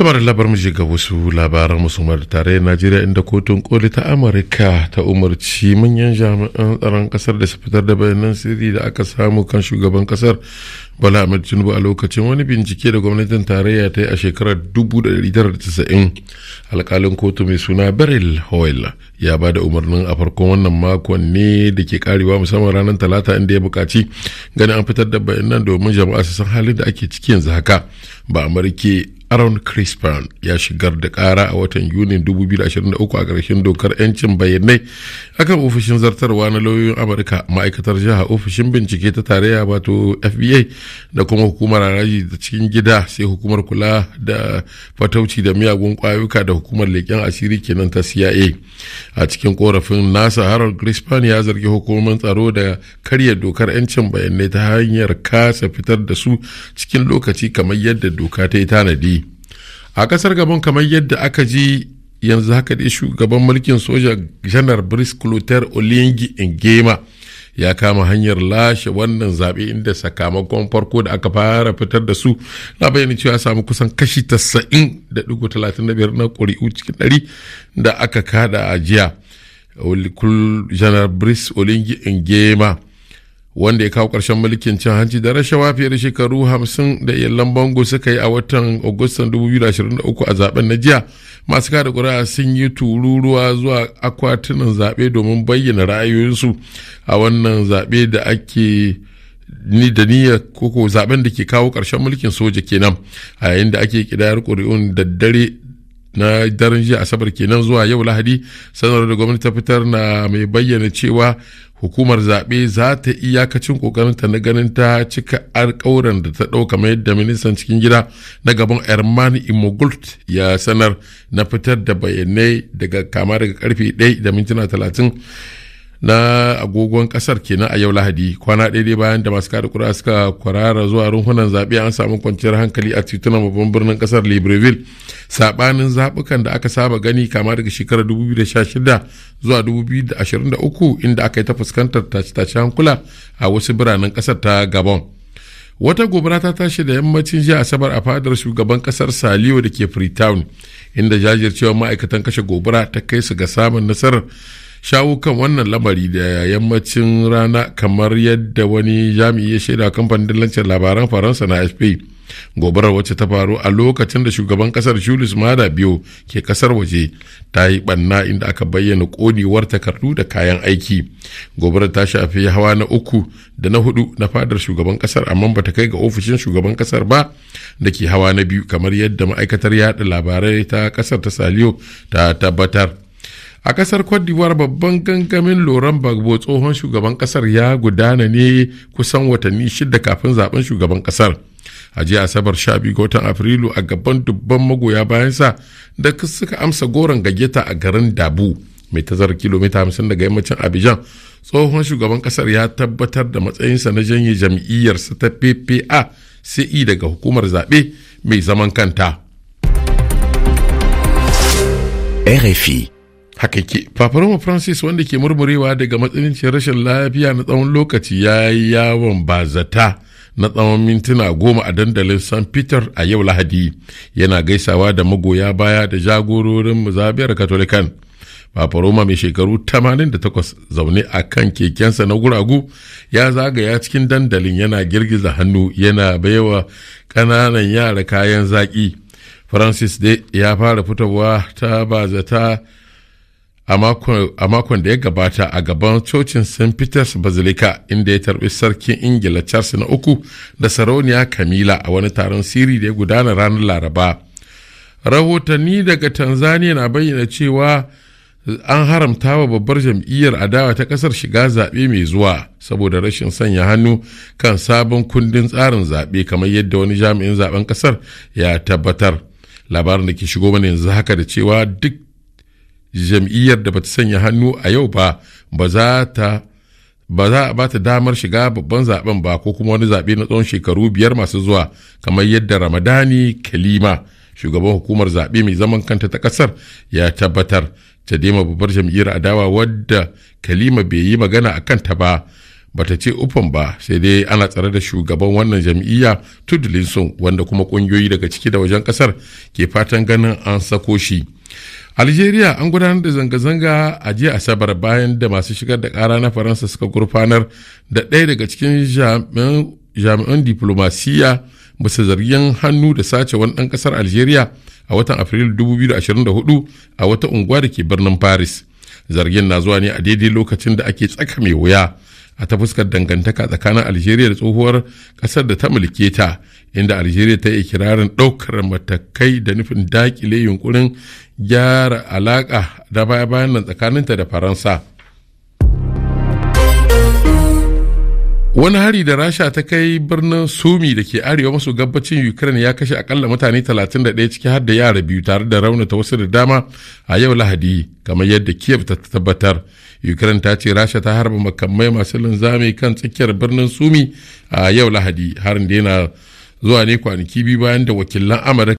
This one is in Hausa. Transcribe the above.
tamar labar miji ga wasu labaran da tare najeriya inda kotun koli ta amurka ta umarci manyan jami'an tsaron kasar da su fitar da bayanan sirri da aka samu kan shugaban kasar bala ahmed tinubu a lokacin wani bincike da gwamnatin tarayya ta yi a shekarar 1990 alkalin kotu mai suna beryl hoyle ya ba da umarnin a farkon wannan makon ne da ke karewa musamman ranar talata inda ya bukaci ganin an fitar da bayanan domin jama'a su san halin da ake ciki yanzu haka ba amurke Aaron Crispin ya shigar da ƙara a watan yuni 2023 a ƙarshen dokar 'yancin bayanai akan ofishin zartarwa na lauyoyin Amurka ma'aikatar jiha ofishin bincike ta tarayya wato FBI da kuma hukumar haraji da cikin gida sai hukumar kula da fatauci da miyagun kwayuka da hukumar leƙen asiri kenan ta CIA. A cikin korafin nasa Harold Crispin ya zargi hukumomin tsaro da karya dokar 'yancin bayanai ta hanyar kasa fitar da su cikin lokaci kamar yadda doka ta yi tanadi. a kasar gabon kamar yadda aka ji yanzu haka dai shugaban mulkin soja janar brice clotaire oliyangi ingema ya kama hanyar lashe wannan zaɓe inda sakamakon farko da aka fara fitar da su na bayyana cewa samu kusan kashi 90.35 na ƙuri'u cikin ɗari da aka kada a jiya janar brice olingi ingema wanda ya kawo karshen mulkin cin hanci da rashawa fiye da shekaru hamsin da iyalan bango suka yi a watan agustan 2023 a zaben na jiya masu kada ƙuri'a sun yi tururuwa zuwa akwatunan zaɓe domin bayyana ra'ayoyinsu a wannan zaɓe da ake ni da niyya koko zaben da ke kawo ƙarshen mulkin soja kenan a yayin da ake kidayar ƙuri'un da dare na daren jiya asabar kenan zuwa yau lahadi sanar da gwamnati ta fitar na mai bayyana cewa hukumar zaɓe za ta iyakacin ƙoƙarinta na ganin ta cika alƙawuran da ta ɗauka mai yadda ministan cikin gida na gaban erman imogult ya sanar na fitar da bayanai daga kama daga karfe 1 da mintuna 30 na agogon kasar kenan a yau lahadi kwana ɗaya bayan da masu kada kura suka kwarara zuwa runhunan zaɓe an samu kwanciyar hankali a titunan babban birnin kasar libreville saɓanin zabukan da aka saba gani kama daga shekarar 2016 zuwa 2023 inda aka yi ta fuskantar tace-tace hankula a wasu biranen kasar ta gabon wata gobara ta tashi da yammacin jiya asabar a fadar shugaban kasar saliyo da ke freetown inda jajircewar ma'aikatan kashe gobara ta kai su ga samun nasarar shawo kan wannan lamari da yammacin rana kamar yadda wani jami'i ya shaida kamfanin dillancin labaran faransa na fp gobarar wacce ta faru a lokacin da shugaban kasar julius mada biyo ke kasar waje ta yi banna inda aka bayyana konewar takardu da kayan aiki gobarar ta shafi hawa na uku da na hudu na fadar shugaban kasar amma ba ta kai ga ofishin shugaban kasar ba da ke hawa na biyu kamar yadda ma'aikatar yada labarai ta kasar ta saliyo ta tabbatar a kasar cote d'ivoire babban gangamin loran bagbo tsohon shugaban kasar ya gudana ne kusan watanni shida kafin zaben shugaban kasar a jiya asabar 12 ga watan afrilu a gaban dubban magoya bayansa da suka amsa goron gayyata a garin dabu mai tazar kilomita 50 daga yammacin abidjan tsohon shugaban kasar ya tabbatar da matsayinsa na janye jam'iyyarsa ta ppa sai e, daga hukumar zaɓe mai zaman kanta rfi haka ke francis wanda ke murmurewa daga matsanancin rashin lafiya na tsawon lokaci ya yi yawon bazata na tsawon mintuna goma a dandalin san peter a yau lahadi yana gaisawa da magoya baya da jagororin zabiyar katolikan paparoma mai shekaru 88 zaune a kan kekensa na guragu ya zagaya cikin dandalin yana girgiza hannu yana baiwa ƙananan yara kayan zaƙi francis dai ya fara fitowa ta bazata a makon da ya gabata a gaban cocin st peters basilica inda ya tarbi sarkin ingila charles na uku da sarauniya kamila a wani taron siri da ya gudana ranar laraba rahotanni daga tanzania na bayyana cewa an haramta wa babbar jam'iyyar adawa ta kasar shiga zaɓe mai zuwa saboda rashin sanya hannu kan sabon kundin tsarin zaɓe kamar yadda wani jami'in zaben kasar ya tabbatar labarin da ke shigo mana yanzu haka da cewa duk jam'iyyar da bata sanya hannu a yau ba ba za ta ba za a bata damar shiga babban zaben ba ko kuma wani zaɓe na tsawon shekaru biyar masu zuwa kamar yadda ramadani kalima shugaban hukumar zaɓe mai zaman kanta ta ƙasar ya tabbatar ta dema babbar jam'iyyar adawa wadda kalima bai yi magana a kanta ba bata ce ufan ba sai dai ana tsare da shugaban wannan jam'iyya tudulinsun wanda kuma ƙungiyoyi daga ciki da wajen ƙasar ke fatan ganin an sako shi. algeria an gudanar da zanga-zanga a jiya asabar bayan da masu shigar da kara na faransa suka gurfanar da ɗaya daga cikin jami'an diplomasiya bisa zargin hannu da sace wani ɗan ƙasar algeria a watan afrilu 2024 a wata unguwa da ke birnin paris zargin na zuwa ne a daidai lokacin da ake tsaka mai wuya a ta fuskar dangantaka tsakanin algeria da tsohuwar kasar da ta mulke ta inda algeria ta yi kirarin ɗaukar matakai da nufin dakile yunkurin gyara alaƙa da baya-bayan nan tsakaninta da faransa wani hari da rasha ta kai birnin sumi da ke arewa maso gabacin ukraine ya kashe akalla mutane 31 ciki har da yara biyu tare da raunata wasu da dama a yau lahadi kamar yadda kiev ta tabbatar ukraine ta ce rasha ta harba makamai masu linzami kan tsakiyar birnin sumi a yau lahadi harin da yana zuwa ne kwanaki biyu bayan da wakilan amurka